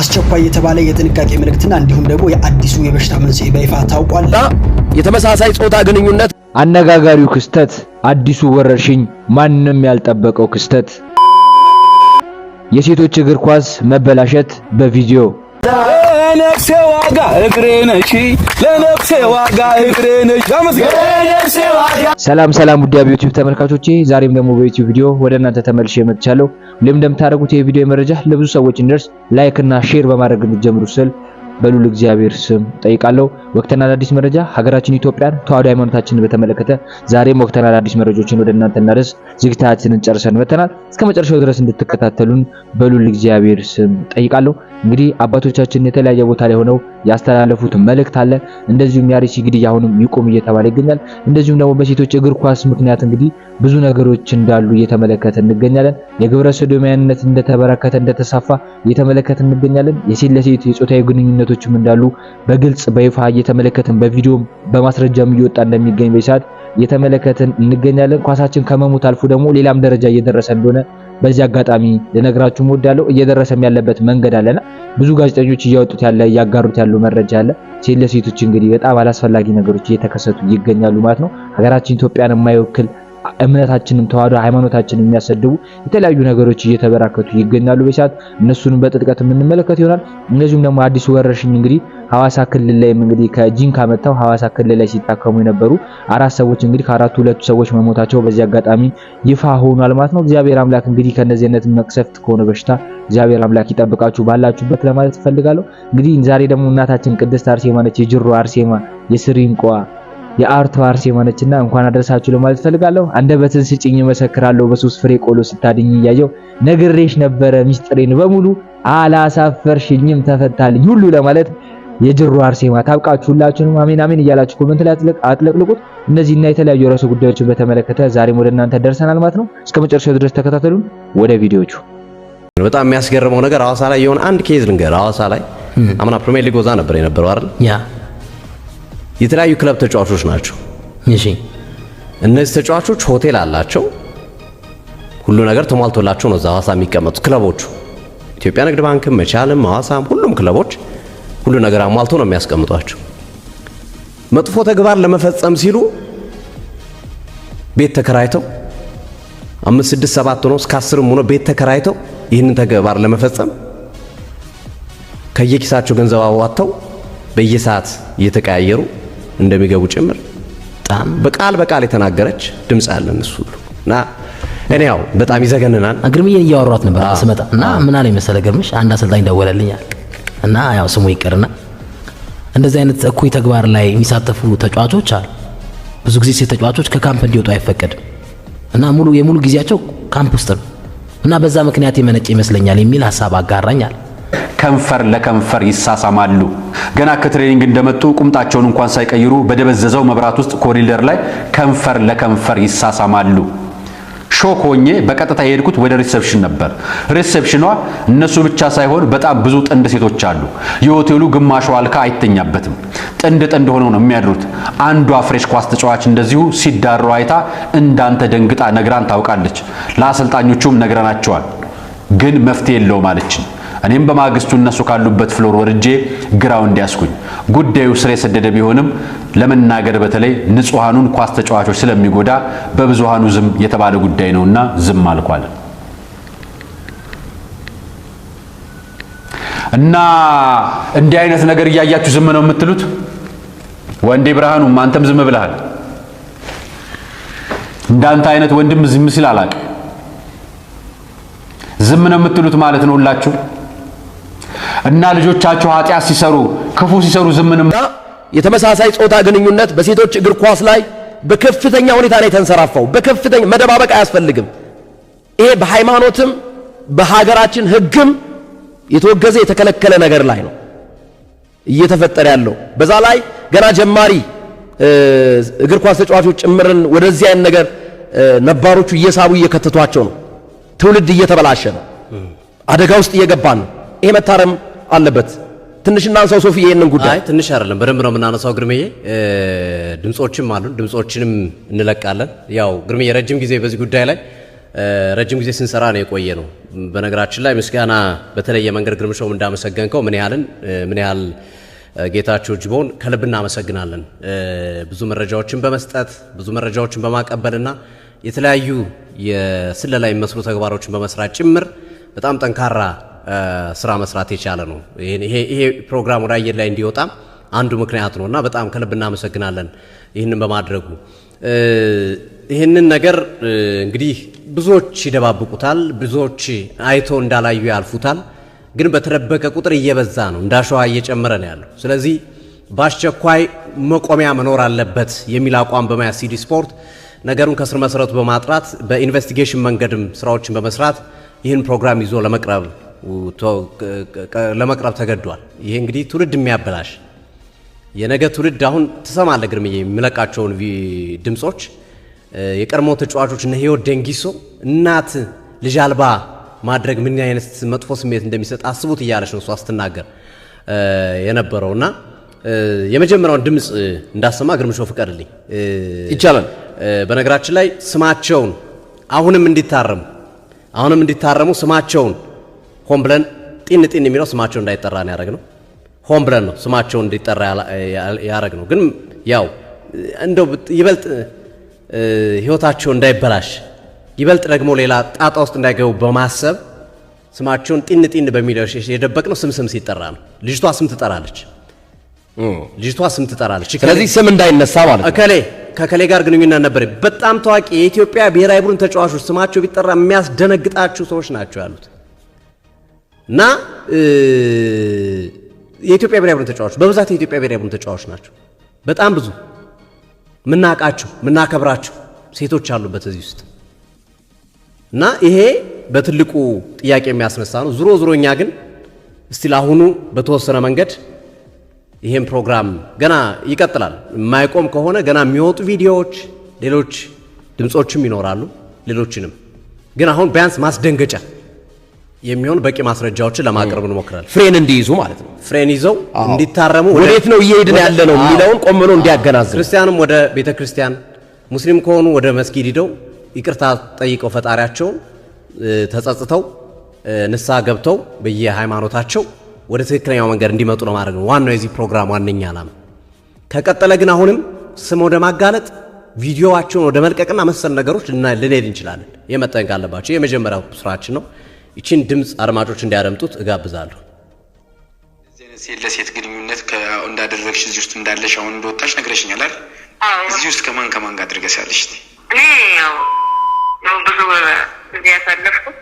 አስቸኳይ የተባለ የጥንቃቄ ምልክትና እንዲሁም ደግሞ የአዲሱ የበሽታ መንስኤ በይፋ ታውቋል። የተመሳሳይ ጾታ ግንኙነት አነጋጋሪው ክስተት፣ አዲሱ ወረርሽኝ፣ ማንም ያልጠበቀው ክስተት፣ የሴቶች እግር ኳስ መበላሸት በቪዲዮ ለነፍሴ ዋጋ እግሬ ነሽ፣ ለነፍሴ ዋጋ እግሬ ነሽ። ሰላም ሰላም፣ ውድ ዩቲዩብ ተመልካቾቼ፣ ዛሬም ደግሞ በዩቲዩብ ቪዲዮ ወደ እናንተ ተመልሼ መጥቻለሁ። ሁሌም እንደምታደርጉት የቪዲዮ መረጃ ለብዙ ሰዎች እንዲደርስ ላይክ እና ሼር በማድረግ እንጀምሩ ስል በሉል እግዚአብሔር ስም ጠይቃለሁ። ወቅትና አዳዲስ መረጃ ሀገራችን ኢትዮጵያን ተዋህዶ ሃይማኖታችንን በተመለከተ ዛሬም ወቅትና አዳዲስ መረጃዎችን ወደ እናንተ እናደርስ ዝግጅታችንን ጨርሰን መተናል። እስከ መጨረሻው ድረስ እንድትከታተሉን በሉል እግዚአብሔር ስም ጠይቃለሁ። እንግዲህ አባቶቻችን የተለያየ ቦታ ላይ ሆነው ያስተላለፉት መልእክት አለ። እንደዚሁም ያሪሲ ግድያ አሁንም ይቁም እየተባለ ይገኛል። እንደዚሁም ደግሞ በሴቶች እግር ኳስ ምክንያት እንግዲህ ብዙ ነገሮች እንዳሉ እየተመለከተ እንገኛለን። የግብረ ሰዶማዊነት እንደተበረከተ እንደተሳፋ እየተመለከተ እንገኛለን። የሴት ለሴት የጾታዊ ግንኙነት ክፍተቶችም እንዳሉ በግልጽ በይፋ እየተመለከትን በቪዲዮም በማስረጃም እየወጣ እንደሚገኝ በሰዓት እየተመለከትን እንገኛለን። ኳሳችን ከመሞት አልፎ ደግሞ ሌላም ደረጃ እየደረሰ እንደሆነ በዚህ አጋጣሚ ልነግራችሁ እወዳለሁ። እየደረሰም ያለበት መንገድ አለና ብዙ ጋዜጠኞች እያወጡት ያለ እያጋሩት ያለው መረጃ አለ። ሴት ለሴቶች እንግዲህ በጣም አላስፈላጊ ነገሮች እየተከሰቱ ይገኛሉ ማለት ነው። ሀገራችን ኢትዮጵያን የማይወክል እምነታችንን ተዋህዶ ሃይማኖታችንን የሚያሰድቡ የተለያዩ ነገሮች እየተበራከቱ ይገኛሉ። በሰዓት እነሱን በጥልቀት የምንመለከት ይሆናል። እነዚሁም ደግሞ አዲሱ ወረርሽኝ እንግዲህ ሐዋሳ ክልል ላይ እንግዲህ ከጂንካ መጥተው ሐዋሳ ክልል ላይ ሲታከሙ የነበሩ አራት ሰዎች እንግዲህ ከአራቱ ሁለቱ ሰዎች መሞታቸው በዚህ አጋጣሚ ይፋ ሆኗል ማለት ነው። እግዚአብሔር አምላክ እንግዲህ ከነዚህ አይነት መቅሰፍት ከሆነ በሽታ እግዚአብሔር አምላክ ይጠብቃችሁ ባላችሁበት ለማለት እፈልጋለሁ። እንግዲህ ዛሬ ደግሞ እናታችን ቅድስት አርሴማ ነች፣ የጅሮ አርሴማ የስሪንቋ የአርቶ አርሴማ ነችና እንኳን አደረሳችሁ ለማለት ፈልጋለሁ። አንደበትን ስጭኝ እመሰክራለሁ፣ በሶስት ፍሬ ቆሎ ስታድኝ እያየው ነግሬሽ ነበረ ሚስጥሬን በሙሉ አላሳፈርሽኝም፣ ተፈታልኝ ሁሉ ለማለት የጅሩ አርሴማ ታብቃችሁ። ሁላችሁንም አሜን አሜን እያላችሁ ኮሜንት ላይ አጥለቅልቁት። እነዚህና የተለያዩ ርዕሰ ጉዳዮችን በተመለከተ ዛሬም ወደ እናንተ ደርሰናል ማለት ነው። እስከ መጨረሻው ድረስ ተከታተሉን። ወደ ቪዲዮቹ። በጣም የሚያስገርመው ነገር አዋሳ ላይ የሆነ አንድ ኬዝ ልንገር። አዋሳ ላይ አምና ፕሪሚየር ሊግ ወዛ ነበር የነበረው አይደል? የተለያዩ ክለብ ተጫዋቾች ናቸው። እሺ እነዚህ ተጫዋቾች ሆቴል አላቸው፣ ሁሉ ነገር ተሟልቶላቸው ነው እዛ ሐዋሳ የሚቀመጡ ክለቦቹ። ኢትዮጵያ ንግድ ባንክም፣ መቻልም፣ ሐዋሳም ሁሉም ክለቦች ሁሉ ነገር አሟልቶ ነው የሚያስቀምጧቸው። መጥፎ ተግባር ለመፈጸም ሲሉ ቤት ተከራይተው አምስት ስድስት ሰባት ሆኖ እስከ አስርም ሆኖ ቤት ተከራይተው ይህንን ተግባር ለመፈጸም ከየኪሳቸው ገንዘብ አዋጥተው በየሰዓት እየተቀያየሩ እንደሚገቡ ጭምር በጣም በቃል በቃል የተናገረች ድምፅ አለን እሱ እና እኔ ያው በጣም ይዘገንናል። ግርምዬን እያወሯት ነበር ስመጣ እና ምን አለኝ መሰለህ ግርምሽ፣ አንድ አሰልጣኝ ደወለልኛል እና ያው ስሙ ይቅርና እንደዚህ አይነት እኩይ ተግባር ላይ የሚሳተፉ ተጫዋቾች አሉ። ብዙ ጊዜ ሴት ተጫዋቾች ከካምፕ እንዲወጡ አይፈቀድም እና ሙሉ የሙሉ ጊዜያቸው ካምፕ ውስጥ ነው እና በዛ ምክንያት የመነጨ ይመስለኛል የሚል ሀሳብ አጋራኛል። ከንፈር ለከንፈር ይሳሳማሉ። ገና ከትሬኒንግ እንደመጡ ቁምጣቸውን እንኳን ሳይቀይሩ በደበዘዘው መብራት ውስጥ ኮሪደር ላይ ከንፈር ለከንፈር ይሳሳማሉ። ሾክ ሆኜ በቀጥታ የሄድኩት ወደ ሪሴፕሽን ነበር። ሪሴፕሽኗ እነሱ ብቻ ሳይሆን በጣም ብዙ ጥንድ ሴቶች አሉ። የሆቴሉ ግማሹ አልካ አይተኛበትም። ጥንድ ጥንድ ሆነው ነው የሚያድሩት። አንዷ ፍሬሽ ኳስ ተጫዋች እንደዚሁ ሲዳሩ አይታ እንዳንተ ደንግጣ ነግራን ታውቃለች። ለአሰልጣኞቹም ነግረናቸዋል፣ ግን መፍትሄ የለውም አለችን። እኔም በማግስቱ እነሱ ካሉበት ፍሎር ወርጄ ግራው እንዲያስኩኝ ጉዳዩ ስር የሰደደ ቢሆንም ለመናገር በተለይ ንጹሐኑን ኳስ ተጫዋቾች ስለሚጎዳ በብዙሃኑ ዝም የተባለ ጉዳይ ነውና ዝም አልኳል። እና እንዲህ አይነት ነገር እያያችሁ ዝም ነው የምትሉት? ወንዴ ብርሃኑ አንተም ዝም ብለሃል። እንዳንተ አይነት ወንድም ዝም ሲል አላቅ ዝም ነው የምትሉት ማለት ነው ሁላችሁ። እና ልጆቻቸው ኃጢአት ሲሰሩ ክፉ ሲሰሩ ዝምንም የተመሳሳይ ጾታ ግንኙነት በሴቶች እግር ኳስ ላይ በከፍተኛ ሁኔታ ላይ ተንሰራፋው። በከፍተኛ መደባበቅ አያስፈልግም። ይሄ በሃይማኖትም በሀገራችን ሕግም የተወገዘ የተከለከለ ነገር ላይ ነው እየተፈጠረ ያለው። በዛ ላይ ገና ጀማሪ እግር ኳስ ተጫዋቾች ጭምርን ወደዚህ አይነት ነገር ነባሮቹ እየሳቡ እየከተቷቸው ነው። ትውልድ እየተበላሸ ነው። አደጋ ውስጥ እየገባን ነው። ይሄ መታረም አለበት። ትንሽ እናንሳው ሶፊ፣ ይሄንን ጉዳይ አይ ትንሽ አይደለም፣ በደንብ ነው የምናነሳው። ግርምዬ ድምጾችም አሉን፣ ድምጾችንም እንለቃለን። ያው ግርምዬ ረጅም ጊዜ በዚህ ጉዳይ ላይ ረጅም ጊዜ ስንሰራ ነው የቆየ ነው። በነገራችን ላይ ምስጋና በተለየ መንገድ ግርምሾም እንዳመሰገንከው ምን ያህልን ምን ያህል ጌታቸው ጅቦን ከልብ እናመሰግናለን። ብዙ መረጃዎችን በመስጠት ብዙ መረጃዎችን በማቀበልና የተለያዩ የስለላ የሚመስሉ ተግባሮችን በመስራት ጭምር በጣም ጠንካራ ስራ መስራት የቻለ ነው። ይሄ ፕሮግራም ወደ አየር ላይ እንዲወጣ አንዱ ምክንያት ነው እና በጣም ከልብ እናመሰግናለን ይህንን በማድረጉ። ይህንን ነገር እንግዲህ ብዙዎች ይደባብቁታል፣ ብዙዎች አይቶ እንዳላዩ ያልፉታል። ግን በተደበቀ ቁጥር እየበዛ ነው፣ እንዳሸዋ እየጨመረ ነው ያለው። ስለዚህ በአስቸኳይ መቆሚያ መኖር አለበት የሚል አቋም በመያዝ ሲዲ ስፖርት ነገሩን ከስር መሰረቱ በማጥራት በኢንቨስቲጌሽን መንገድም ስራዎችን በመስራት ይህን ፕሮግራም ይዞ ለመቅረብ ለመቅረብ ተገዷል። ይሄ እንግዲህ ትውልድ የሚያበላሽ የነገ ትውልድ አሁን ትሰማለ ግርምዬ የሚለቃቸውን ድምጾች የቀድሞ ተጫዋቾች እነ ህይወት ደንጊሶ እናት ልጅ አልባ ማድረግ ምን አይነት መጥፎ ስሜት እንደሚሰጥ አስቡት እያለች ነው እሷ ስትናገር የነበረው እና የመጀመሪያውን ድምፅ እንዳሰማ ግርምሾ ፍቀድልኝ ይቻላል። በነገራችን ላይ ስማቸውን አሁንም እንዲታረሙ አሁንም እንዲታረሙ ስማቸውን ሆን ብለን ጢን ጢን የሚለው ስማቸው እንዳይጠራ ነው ያደረግነው። ሆን ብለን ነው ስማቸው እንዲጠራ ነው። ግን ያው እንደው ይበልጥ ህይወታቸው እንዳይበላሽ ይበልጥ ደግሞ ሌላ ጣጣ ውስጥ እንዳይገቡ በማሰብ ስማቸውን ጢን ጢን በሚለው የደበቅነው ስም ስም ሲጠራ ነው። ልጅቷ ስም ትጠራለች፣ ልጅቷ ስም ትጠራለች። ስለዚህ ስም እንዳይነሳ ማለት ነው። እከሌ ከከሌ ጋር ግንኙነት ነበር። በጣም ታዋቂ የኢትዮጵያ ብሔራዊ ቡድን ተጫዋቾች ስማቸው ቢጠራ የሚያስደነግጣችሁ ሰዎች ናቸው ያሉት እና የኢትዮጵያ ብሔራዊ ቡድን ተጫዋቾች በብዛት የኢትዮጵያ ብሔራዊ ቡድን ተጫዋቾች ናቸው። በጣም ብዙ ምናቃቸው ምናከብራቸው ሴቶች አሉበት እዚህ ውስጥ እና ይሄ በትልቁ ጥያቄ የሚያስነሳ ነው። ዙሮ ዝሮ እኛ ግን እስቲ ለአሁኑ በተወሰነ መንገድ ይሄን ፕሮግራም ገና ይቀጥላል። የማይቆም ከሆነ ገና የሚወጡ ቪዲዮዎች፣ ሌሎች ድምፆችም ይኖራሉ። ሌሎችንም ግን አሁን ቢያንስ ማስደንገጫ የሚሆኑ በቂ ማስረጃዎችን ለማቅረብ እንሞክራለን። ፍሬን እንዲይዙ ማለት ነው። ፍሬን ይዘው እንዲታረሙ ወዴት ነው እየሄድን ያለ ነው የሚለውን ቆም ብሎ እንዲያገናዝብ፣ ክርስቲያንም ወደ ቤተ ክርስቲያን፣ ሙስሊም ከሆኑ ወደ መስጊድ ሂደው ይቅርታ ጠይቀው ፈጣሪያቸውን ተጸጽተው ንስሐ ገብተው በየሃይማኖታቸው ወደ ትክክለኛው መንገድ እንዲመጡ ነው ማድረግ ነው ዋናው የዚህ ፕሮግራም ዋነኛ ዓላማ። ከቀጠለ ግን አሁንም ስም ወደ ማጋለጥ ቪዲዮዋቸውን ወደ መልቀቅና መሰል ነገሮች ልንሄድ እንችላለን። የመጠንቅ አለባቸው። የመጀመሪያው ስራችን ነው። ይችን ድምፅ አድማጮች እንዲያረምጡት እጋብዛለሁ። ሴት ለሴት ግንኙነት እንዳደረግሽ እዚህ ውስጥ እንዳለሽ አሁን እንደወጣሽ ነግረሽኛል አይደል? እዚህ ውስጥ ከማን ከማን ጋር አድርገሽ እኔ ያው ብዙ ጊዜ ያሳለፍኩት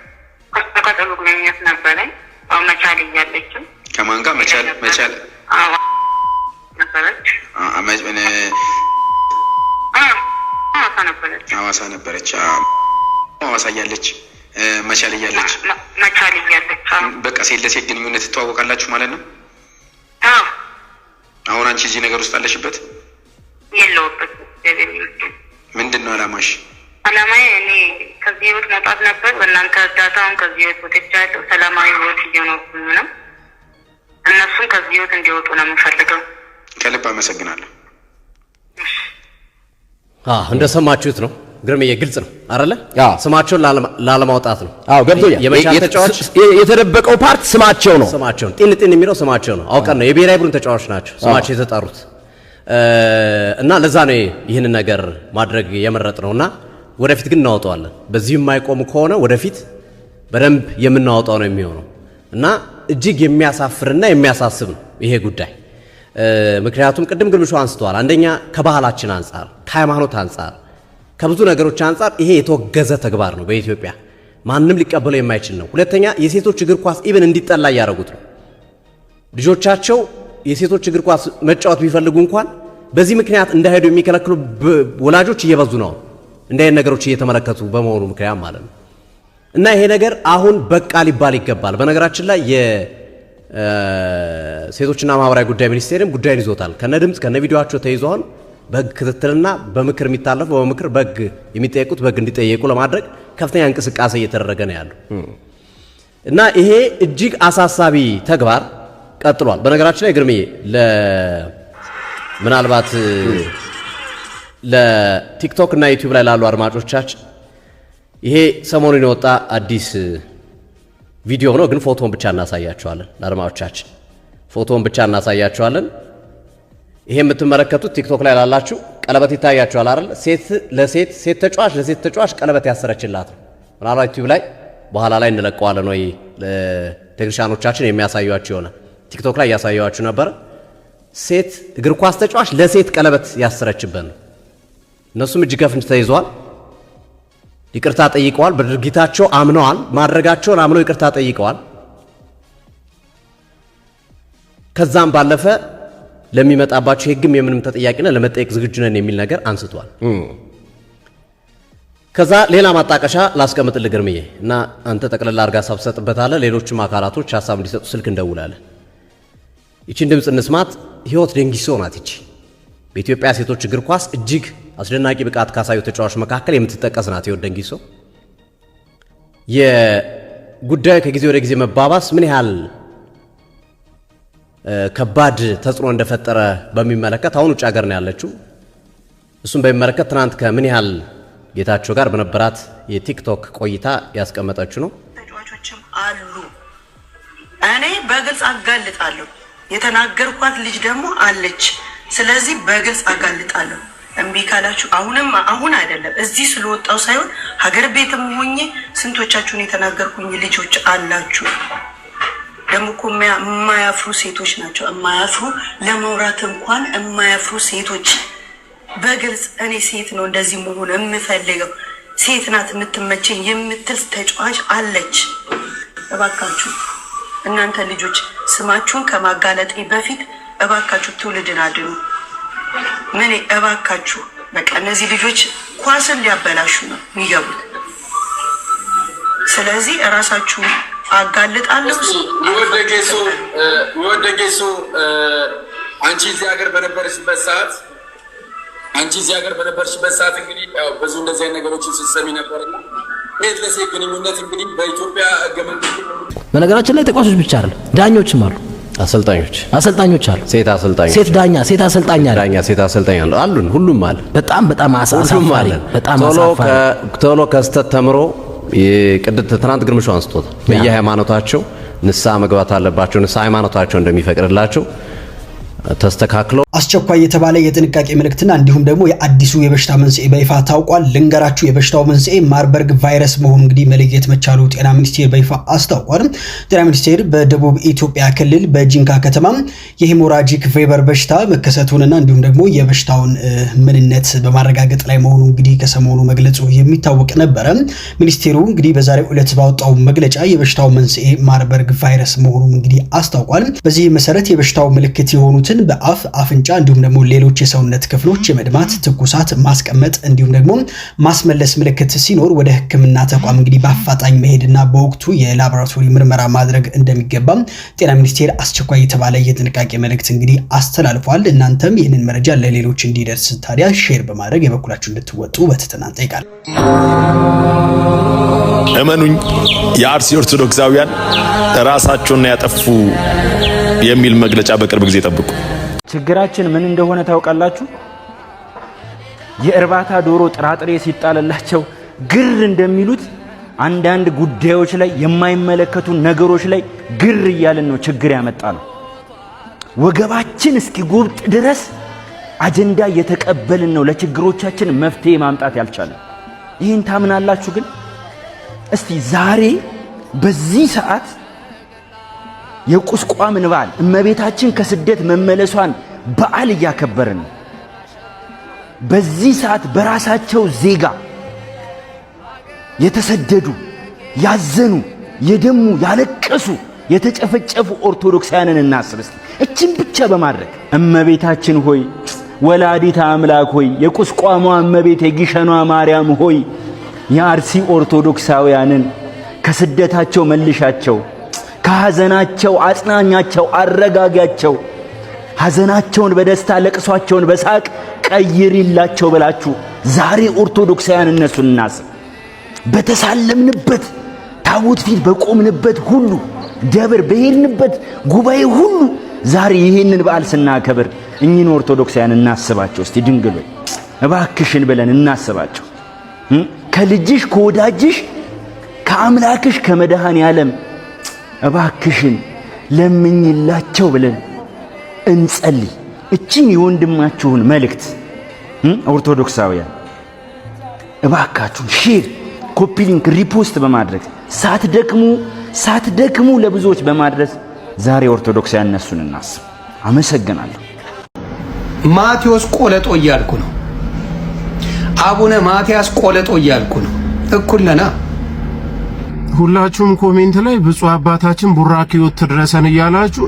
ከቀጠሉ ግንኙነት ነበረኝ። አሁ መቻል እያለችም ከማን ጋር መቻል መቻል ነበረች ሐዋሳ ነበረች ሐዋሳ እያለች መቻል እያለች መቻል እያለች በቃ ሴት ለሴት ግንኙነት ትተዋወቃላችሁ ማለት ነው። አሁን አንቺ እዚህ ነገር ውስጥ አለሽበት? የለውበት። ምንድን ነው አላማሽ? አላማ እኔ ከዚህ ህይወት መውጣት ነበር። በእናንተ እርዳታ አሁን ከዚህ ህይወት ወጥቻለሁ። ሰላማዊ ህይወት እየኖርኩኝ ነው። እነሱም ከዚህ ህይወት እንዲወጡ ነው የምፈልገው። ከልብ አመሰግናለሁ። እንደሰማችሁት ነው ግርምዬ ግልጽ ነው አይደለ? ስማቸውን ላለማውጣት ነው። አዎ ገብቶኛል። የተደበቀው ፓርት ስማቸው ነው። ስማቸው ጢን ጢን የሚለው ስማቸው ነው። አውቀን ነው የብሔራዊ ቡድን ተጫዋች ናቸው ስማቸው የተጠሩት እና ለዛ ነው ይህንን ነገር ማድረግ የመረጥ ነውና ወደፊት ግን እናወጣዋለን። በዚህ የማይቆም ከሆነ ወደፊት በደንብ የምናወጣው ነው የሚሆነው እና እጅግ የሚያሳፍርና የሚያሳስብ ነው ይሄ ጉዳይ። ምክንያቱም ቅድም ግልብሾ አንስተዋል። አንደኛ ከባህላችን አንጻር ከሃይማኖት አንጻር ከብዙ ነገሮች አንጻር ይሄ የተወገዘ ተግባር ነው በኢትዮጵያ ማንም ሊቀበለው የማይችል ነው። ሁለተኛ የሴቶች እግር ኳስ ኢብን እንዲጠላ እያደረጉት ነው። ልጆቻቸው የሴቶች እግር ኳስ መጫወት ቢፈልጉ እንኳን በዚህ ምክንያት እንዳይሄዱ የሚከለክሉ ወላጆች እየበዙ ነው። እንዳይሄድ ነገሮች እየተመለከቱ በመሆኑ ምክንያት ማለት ነው። እና ይሄ ነገር አሁን በቃ ሊባል ይገባል። በነገራችን ላይ የሴቶችና ማህበራዊ ጉዳይ ሚኒስቴርም ጉዳዩን ይዞታል። ከነ ድምፅ ከነ ቪዲዮቸው ተይዞ አሁን በህግ ክትትልና በምክር የሚታለፉ በምክር በህግ የሚጠየቁት በህግ እንዲጠየቁ ለማድረግ ከፍተኛ እንቅስቃሴ እየተደረገ ነው ያሉ እና ይሄ እጅግ አሳሳቢ ተግባር ቀጥሏል። በነገራችን ላይ ግርምዬ ምናልባት ለቲክቶክ እና ዩቲዩብ ላይ ላሉ አድማጮቻችን ይሄ ሰሞኑን የወጣ አዲስ ቪዲዮ ነው፣ ግን ፎቶን ብቻ እናሳያቸዋለን። ለአድማጮቻችን ፎቶን ብቻ እናሳያቸዋለን። ይሄ የምትመለከቱት ቲክቶክ ላይ ላላችሁ ቀለበት ይታያችኋል አይደል? ሴት ለሴት ሴት ተጫዋች ለሴት ተጫዋች ቀለበት ያሰረችላት ነው። ምናልባት ዩቲዩብ ላይ በኋላ ላይ እንለቀዋለን ወይ ቴክኒሻኖቻችን የሚያሳዩችሁ የሆነ ቲክቶክ ላይ እያሳየዋችሁ ነበረ። ሴት እግር ኳስ ተጫዋች ለሴት ቀለበት ያሰረችበት ነው። እነሱም እጅ ከፍንጅ ተይዘዋል፣ ይቅርታ ጠይቀዋል። በድርጊታቸው አምነዋል፣ ማድረጋቸውን አምነው ይቅርታ ጠይቀዋል። ከዛም ባለፈ ለሚመጣባቸው የህግም የምንም ተጠያቂና ለመጠየቅ ዝግጁ ነን የሚል ነገር አንስቷል። ከዛ ሌላ ማጣቀሻ ላስቀምጥልህ ግርምዬ እና አንተ ጠቅልላ አድርጋ ሀሳብ ትሰጥበታለህ። ሌሎችም አካላቶች ሀሳብ እንዲሰጡ ስልክ እንደውላለን። ይችን ድምፅ እንስማት። ህይወት ደንጊሶ ናት። ይቺ በኢትዮጵያ ሴቶች እግር ኳስ እጅግ አስደናቂ ብቃት ካሳዩ ተጫዋች መካከል የምትጠቀስ ናት። ህይወት ደንጊሶ የጉዳዩ ከጊዜ ወደ ጊዜ መባባስ ምን ያህል ከባድ ተጽዕኖ እንደፈጠረ በሚመለከት አሁን ውጭ ሀገር ነው ያለችው። እሱን በሚመለከት ትናንት ከምን ያህል ጌታቸው ጋር በነበራት የቲክቶክ ቆይታ ያስቀመጠችው ነው። ተጫዋቾችም አሉ። እኔ በግልጽ አጋልጣለሁ። የተናገርኳት ልጅ ደግሞ አለች። ስለዚህ በግልጽ አጋልጣለሁ። እምቢ ካላችሁ አሁንም አሁን አይደለም እዚህ ስለወጣው ሳይሆን ሀገር ቤትም ሆኜ ስንቶቻችሁን የተናገርኩኝ ልጆች አላችሁ። ደግሞ እኮ የማያፍሩ ሴቶች ናቸው። የማያፍሩ ለመውራት እንኳን የማያፍሩ ሴቶች በግልጽ እኔ ሴት ነው እንደዚህ መሆን የምፈልገው ሴት ናት የምትመቸኝ የምትል ተጫዋች አለች። እባካችሁ እናንተ ልጆች ስማችሁን ከማጋለጤ በፊት እባካችሁ ትውልድን አድኑ። ምን እባካችሁ በቃ እነዚህ ልጆች ኳስን ሊያበላሹ ነው የሚገቡት። ስለዚህ እራሳችሁን አጋልጣለሁ። ወደጌሱ አንቺ እዚህ ሀገር በነበረችበት ሰዓት አንቺ እዚህ ሀገር በነበረችበት ሰዓት እንግዲህ ብዙ እንደዚህ አይነት ነገሮችን ስትሰሚ ነበርና ሴት ለሴት ግንኙነት እንግዲህ በኢትዮጵያ ህገ መንግስት በነገራችን ላይ ተቋሶች ብቻ ዳኞችም አሉ አሰልጣኞች አሰልጣኞች አሉ። ሴት አሰልጣኞች ሴት ዳኛ ሴት አሰልጣኛ ዳኛ ሴት አሰልጣኛ አሉን። ሁሉም አለ። በጣም በጣም አሳፋሪ በጣም አሳፋሪ ቶሎ ከስተት ተምሮ የቅድት ትናንት ግርምሾ አንስቶታል። በየሃይማኖታቸው ንስሐ መግባት አለባቸው። ንስሐ ሃይማኖታቸው እንደሚፈቅድላቸው ተስተካክሎ አስቸኳይ የተባለ የጥንቃቄ ምልክትና እንዲሁም ደግሞ የአዲሱ የበሽታ መንስኤ በይፋ ታውቋል። ልንገራችሁ፣ የበሽታው መንስኤ ማርበርግ ቫይረስ መሆኑ እንግዲህ መለየት መቻሉ ጤና ሚኒስቴር በይፋ አስታውቋል። ጤና ሚኒስቴር በደቡብ ኢትዮጵያ ክልል በጂንካ ከተማ የሄሞራጂክ ፌቨር በሽታ መከሰቱንና እንዲሁም ደግሞ የበሽታውን ምንነት በማረጋገጥ ላይ መሆኑ እንግዲህ ከሰሞኑ መግለጹ የሚታወቅ ነበረ። ሚኒስቴሩ እንግዲህ በዛሬው ዕለት ባወጣው መግለጫ የበሽታው መንስኤ ማርበርግ ቫይረስ መሆኑ እንግዲህ አስታውቋል። በዚህ መሰረት የበሽታው ምልክት የሆኑት የሚሆኑትን በአፍ አፍንጫ፣ እንዲሁም ደግሞ ሌሎች የሰውነት ክፍሎች የመድማት ትኩሳት፣ ማስቀመጥ እንዲሁም ደግሞ ማስመለስ ምልክት ሲኖር ወደ ሕክምና ተቋም እንግዲህ በአፋጣኝ መሄድና በወቅቱ የላቦራቶሪ ምርመራ ማድረግ እንደሚገባም ጤና ሚኒስቴር አስቸኳይ የተባለ የጥንቃቄ መልእክት እንግዲህ አስተላልፏል። እናንተም ይህንን መረጃ ለሌሎች እንዲደርስ ታዲያ ሼር በማድረግ የበኩላችሁ እንድትወጡ በትህትና እንጠይቃለን። እመኑኝ የአርሲ ኦርቶዶክሳውያን ራሳቸውን ያጠፉ የሚል መግለጫ በቅርብ ጊዜ ጠብቁ። ችግራችን ምን እንደሆነ ታውቃላችሁ? የእርባታ ዶሮ ጥራጥሬ ሲጣልላቸው ግር እንደሚሉት አንዳንድ ጉዳዮች ላይ የማይመለከቱ ነገሮች ላይ ግር እያልን ነው ችግር ያመጣ ነው። ወገባችን እስኪ ጉብጥ ድረስ አጀንዳ እየተቀበልን ነው ለችግሮቻችን መፍትሄ ማምጣት ያልቻለ። ይህን ታምናላችሁ? ግን እስቲ ዛሬ በዚህ ሰዓት የቁስቋምን በዓል እመቤታችን ከስደት መመለሷን በዓል እያከበርን በዚህ ሰዓት በራሳቸው ዜጋ የተሰደዱ ያዘኑ፣ የደሙ፣ ያለቀሱ፣ የተጨፈጨፉ ኦርቶዶክሳውያንን እናስብ እስቲ። እችን ብቻ በማድረግ እመቤታችን ሆይ ወላዲት አምላክ ሆይ የቁስቋሟ እመቤት የጊሸኗ ማርያም ሆይ የአርሲ ኦርቶዶክሳውያንን ከስደታቸው መልሻቸው ከሐዘናቸው አጽናኛቸው፣ አረጋጊያቸው ሐዘናቸውን በደስታ ለቅሷቸውን በሳቅ ቀይሪላቸው ብላችሁ ዛሬ ኦርቶዶክሳውያን እነሱን እናስብ። በተሳለምንበት ታቦት ፊት በቆምንበት ሁሉ ደብር በሄድንበት ጉባኤ ሁሉ ዛሬ ይህንን በዓል ስናከብር እኚህን ኦርቶዶክሳውያን እናስባቸው። እስቲ ድንግሎ እባክሽን ብለን እናስባቸው። ከልጅሽ ከወዳጅሽ ከአምላክሽ ከመድኃኔ ዓለም እባክሽን ለምኝላቸው ብለን እንጸልይ። እቺን የወንድማችሁን መልእክት ኦርቶዶክሳውያን እባካችሁን ሼር፣ ኮፒ ሪፖስት በማድረግ ሳትደክሙ ሳትደክሙ ለብዙዎች በማድረስ ዛሬ ኦርቶዶክሳውያን እነሱን እናስብ። አመሰግናለሁ። ማቴዎስ ቆለጦ እያልኩ ነው። አቡነ ማቲያስ ቆለጦ እያልኩ ነው። እኩል እኩለና ሁላችሁም ኮሜንት ላይ ብፁዕ አባታችን ቡራኪዎት ትድረሰን እያላችሁ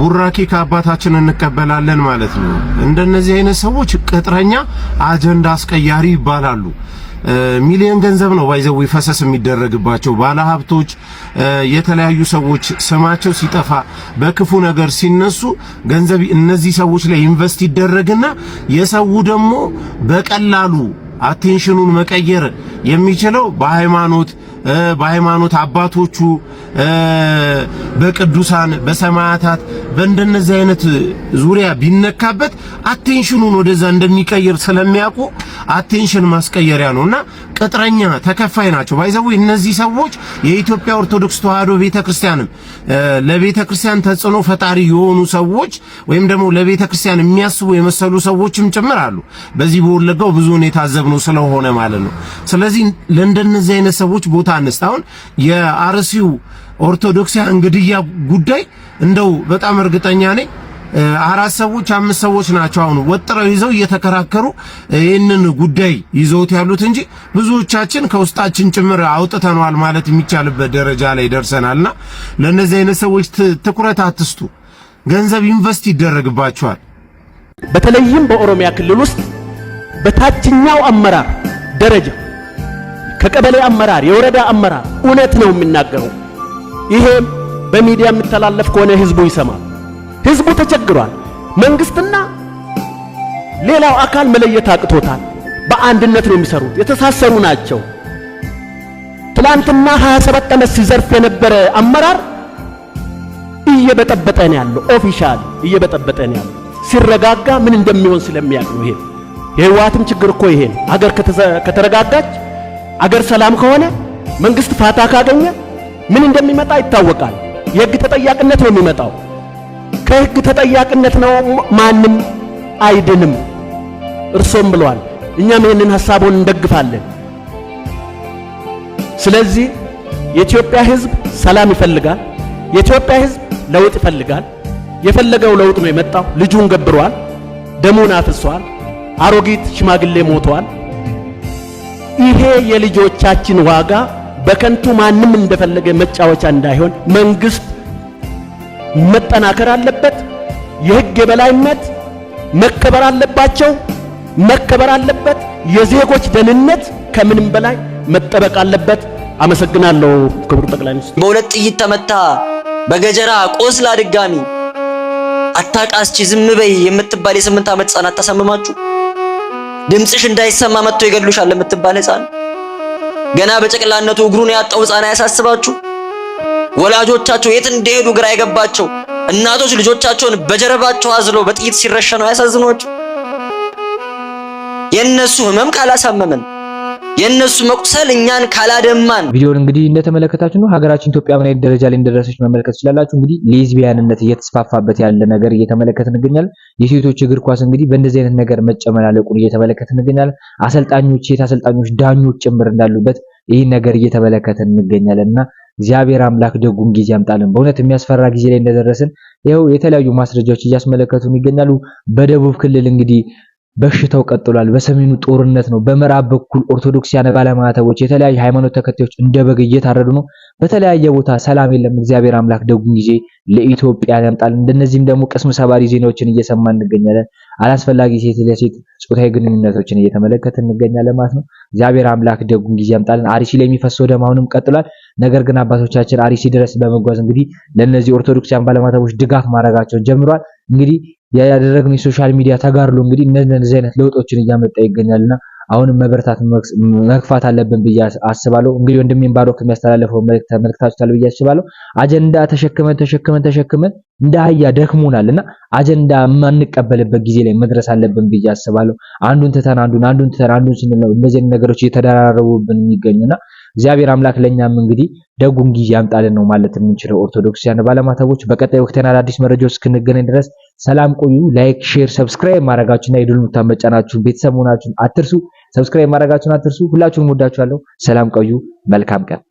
ቡራኪ ከአባታችን እንቀበላለን ማለት ነው። እንደነዚህ አይነት ሰዎች ቅጥረኛ አጀንዳ አስቀያሪ ይባላሉ። ሚሊዮን ገንዘብ ነው ባይዘው ይፈሰስ የሚደረግባቸው ባለሀብቶች፣ የተለያዩ ሰዎች ስማቸው ሲጠፋ በክፉ ነገር ሲነሱ ገንዘብ እነዚህ ሰዎች ላይ ኢንቨስት ይደረግና የሰው ደግሞ በቀላሉ አቴንሽኑን መቀየር የሚችለው በሃይማኖት በሃይማኖት አባቶቹ፣ በቅዱሳን፣ በሰማዕታት በእንደነዚህ አይነት ዙሪያ ቢነካበት አቴንሽኑን ወደዛ እንደሚቀይር ስለሚያውቁ አቴንሽን ማስቀየሪያ ነውና ቅጥረኛ ተከፋይ ናቸው። ባይዘው እነዚህ ሰዎች የኢትዮጵያ ኦርቶዶክስ ተዋህዶ ቤተክርስቲያንም ለቤተክርስቲያን ተጽዕኖ ፈጣሪ የሆኑ ሰዎች ወይም ደግሞ ለቤተክርስቲያን የሚያስቡ የመሰሉ ሰዎችም ጭምር አሉ። በዚህ በወለጋው ብዙ ሁኔታ ዘብነው ስለሆነ ማለት ነው። ስለዚህ ለእንደነዚህ አይነት ሰዎች ቦታ ላንስት። አሁን የአርሲው ኦርቶዶክሳውያን ግድያ ጉዳይ እንደው በጣም እርግጠኛ ነኝ አራት ሰዎች አምስት ሰዎች ናቸው አሁን ወጥረው ይዘው እየተከራከሩ ይህንን ጉዳይ ይዘውት ያሉት እንጂ ብዙዎቻችን ከውስጣችን ጭምር አውጥተነዋል ማለት የሚቻልበት ደረጃ ላይ ደርሰናልና ለእነዚህ አይነት ሰዎች ትኩረት አትስጡ። ገንዘብ ኢንቨስት ይደረግባቸዋል። በተለይም በኦሮሚያ ክልል ውስጥ በታችኛው አመራር ደረጃ ከቀበሌ አመራር፣ የወረዳ አመራር እውነት ነው የሚናገረው። ይሄም በሚዲያ የሚተላለፍ ከሆነ ህዝቡ ይሰማል። ህዝቡ ተቸግሯል። መንግስትና ሌላው አካል መለየት አቅቶታል። በአንድነት ነው የሚሰሩት፣ የተሳሰሩ ናቸው። ትላንትና 27 ዓመት ሲዘርፍ የነበረ አመራር እየበጠበጠ ነው ያለው። ኦፊሻል እየበጠበጠ ነው ያለው። ሲረጋጋ ምን እንደሚሆን ስለሚያውቅ ነው። ይሄ የህወሓትም ችግር እኮ ይሄ ነው። አገር ከተረጋጋች አገር ሰላም ከሆነ መንግስት ፋታ ካገኘ ምን እንደሚመጣ ይታወቃል። የህግ ተጠያቂነት ነው የሚመጣው። ከህግ ተጠያቂነት ነው ማንም አይድንም። እርሶም ብለዋል። እኛም ይህንን ሐሳቡን እንደግፋለን። ስለዚህ የኢትዮጵያ ህዝብ ሰላም ይፈልጋል። የኢትዮጵያ ህዝብ ለውጥ ይፈልጋል። የፈለገው ለውጥ ነው የመጣው። ልጁን ገብሯል፣ ደሙን አፍሷል፣ አሮጊት ሽማግሌ ሞቷል። ይሄ የልጆቻችን ዋጋ በከንቱ ማንም እንደፈለገ መጫወቻ እንዳይሆን መንግስት መጠናከር አለበት። የህግ የበላይነት መከበር አለባቸው መከበር አለበት። የዜጎች ደህንነት ከምንም በላይ መጠበቅ አለበት። አመሰግናለሁ ክቡር ጠቅላይ ሚኒስትር። በሁለት ጥይት ተመታ፣ በገጀራ ቆስላ ድጋሚ አታቃስቺ ዝም በይ የምትባል የስምንት ዓመት ህጻናት ተሰምማችሁ ድምፅሽ እንዳይሰማ መጥቶ ይገሉሻል የምትባል ህፃን ገና በጨቅላነቱ እግሩን ያጣው ህፃን አያሳስባችሁ? ወላጆቻቸው የት እንደሄዱ ግራ የገባቸው እናቶች ልጆቻቸውን በጀርባቸው አዝለው በጥይት ሲረሸኑ አያሳዝኗችሁ? የእነሱ ህመም ካላሳመመን የእነሱ መቁሰል እኛን ካላደማን። ቪዲዮን እንግዲህ እንደተመለከታችሁ ነው ሀገራችን ኢትዮጵያ ምን አይነት ደረጃ ላይ እንደደረሰች መመልከት ትችላላችሁ። እንግዲህ ሌዝቢያንነት እየተስፋፋበት ያለ ነገር እየተመለከት እንገኛለን። የሴቶች እግር ኳስ እንግዲህ በእንደዚህ አይነት ነገር መጨመላለቁን እየተመለከት እንገኛለን። አሰልጣኞች፣ ሴት አሰልጣኞች፣ ዳኞች ጭምር እንዳሉበት ይህ ነገር እየተመለከት እንገኛለን እና እግዚአብሔር አምላክ ደጉን ጊዜ ያምጣልን። በእውነት የሚያስፈራ ጊዜ ላይ እንደደረስን ይኸው የተለያዩ ማስረጃዎች እያስመለከቱን ይገኛሉ። በደቡብ ክልል እንግዲህ በሽታው ቀጥሏል። በሰሜኑ ጦርነት ነው። በምዕራብ በኩል ኦርቶዶክሲያን ባለማተቦች የተለያዩ ሃይማኖት ተከታዮች እንደ በግ እየታረዱ ነው። በተለያየ ቦታ ሰላም የለም። እግዚአብሔር አምላክ ደጉን ጊዜ ለኢትዮጵያ ያምጣል። እንደነዚህም ደግሞ ቅስም ሰባሪ ዜናዎችን እየሰማ እንገኛለን። አላስፈላጊ ሴት ለሴት ጾታዊ ግንኙነቶችን እየተመለከትን እንገኛለን ማለት ነው። እግዚአብሔር አምላክ ደጉን ጊዜ ያምጣልን። አርሲ ላይ የሚፈሰው ደም አሁንም ቀጥሏል። ነገር ግን አባቶቻችን አርሲ ድረስ በመጓዝ እንግዲህ ለነዚህ ኦርቶዶክሲያን ባለማዕተቦች ድጋፍ ማድረጋቸውን ጀምሯል። እንግዲህ ያደረግነው የሶሻል ሚዲያ ተጋርሎ እንግዲህ እነዚህ አይነት ለውጦችን እያመጣ ይገኛልና አሁንም መበረታት መግፋት አለብን ብዬ አስባለሁ። እንግዲህ ወንድሜን ባሮክ የሚያስተላልፈው መልእክት ተመልክታችኋል ብዬ አስባለሁ። አጀንዳ ተሸክመን ተሸክመን ተሸክመን እንደ አህያ ደክሞናል እና አጀንዳ የማንቀበልበት ጊዜ ላይ መድረስ አለብን ብዬ አስባለሁ። አንዱን ትተን አንዱን አንዱን ትተን አንዱን ስንል ነው እንደዚህ ነገሮች እየተደራረቡብን የሚገኙና እግዚአብሔር አምላክ ለእኛም እንግዲህ ደጉን ጊዜ ያምጣልን ነው ማለት የምንችለው። ኦርቶዶክሳውያን ባለማተቦች በቀጣይ ወቅትና አዳዲስ መረጃዎች እስክንገናኝ ድረስ ሰላም ቆዩ። ላይክ፣ ሼር፣ ሰብስክራይብ ማድረጋችሁና የድል ምልክቱን መጫናችሁን ቤተሰብ መሆናችሁን አትርሱ። ሰብስክራይብ ማድረጋችሁን አትርሱ። ሁላችሁንም ወዳችኋለሁ። ሰላም ቆዩ። መልካም ቀን